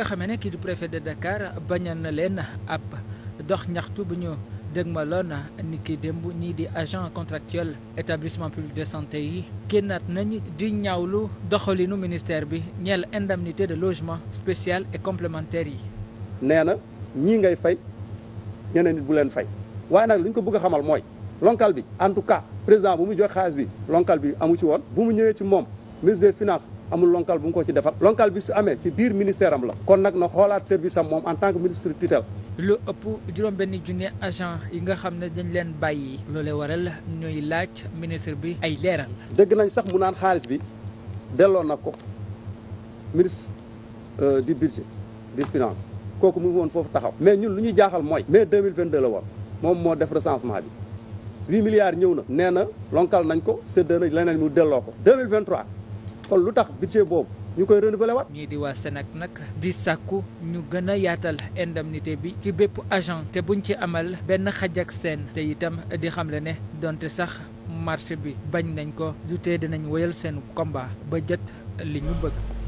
nga xamee ne kii du préfet de Dakar bañal na leen ab dox ñaxtu bu ñu dëgmaloon ni ki démb ñii di agent contractuel établissement public de santé yi génnaat nañ di lu doxalinu ministère bi ñeel indemnité de logement spécial et complementaire yi. nee na ñii ngay fay ñeneen nit bu leen fay waaye nag li ñu ko bugg xamal mooy lonkal bi en tout cas président bu mu jox xaalis bi lonkal bi amu ci woon bu mu ñëwee ci moom. ministre des finances amul lonkal bu mu ko ci defal lonkal bi su amee ci biir ministère am la kon nag na xoolaat service am moom en tant que ministre tutelle lu ëpp juróom benn junne agent yi nga xam ne dañ leen bàyyi loolee waral ñooy laaj ministre bi ay leeral dégg nañ sax mu naan xaalis bi delloo na ko ministre euh, du budget du finance kooku mu woon foofu taxaw mais ñun lu ñuy jaaxal mooy mais mai 2022 la woon moom moo def recensement bi 8 milliards ñëw na nee na lonkal nañ ko séddee nañ leneen mu delloo ko 2023 kon lu tax budget boobu ñu koy renouveler waat. ñii di waa Sénac nag di sàkku ñu gën a yaatal indemnité bi ci bépp agent te buñ ci amal benn xaj ak seen te itam di xamle ne donte sax marché bi bañ nañ ko du tee dinañu woyal seen combat ba jot li ñu bëgg.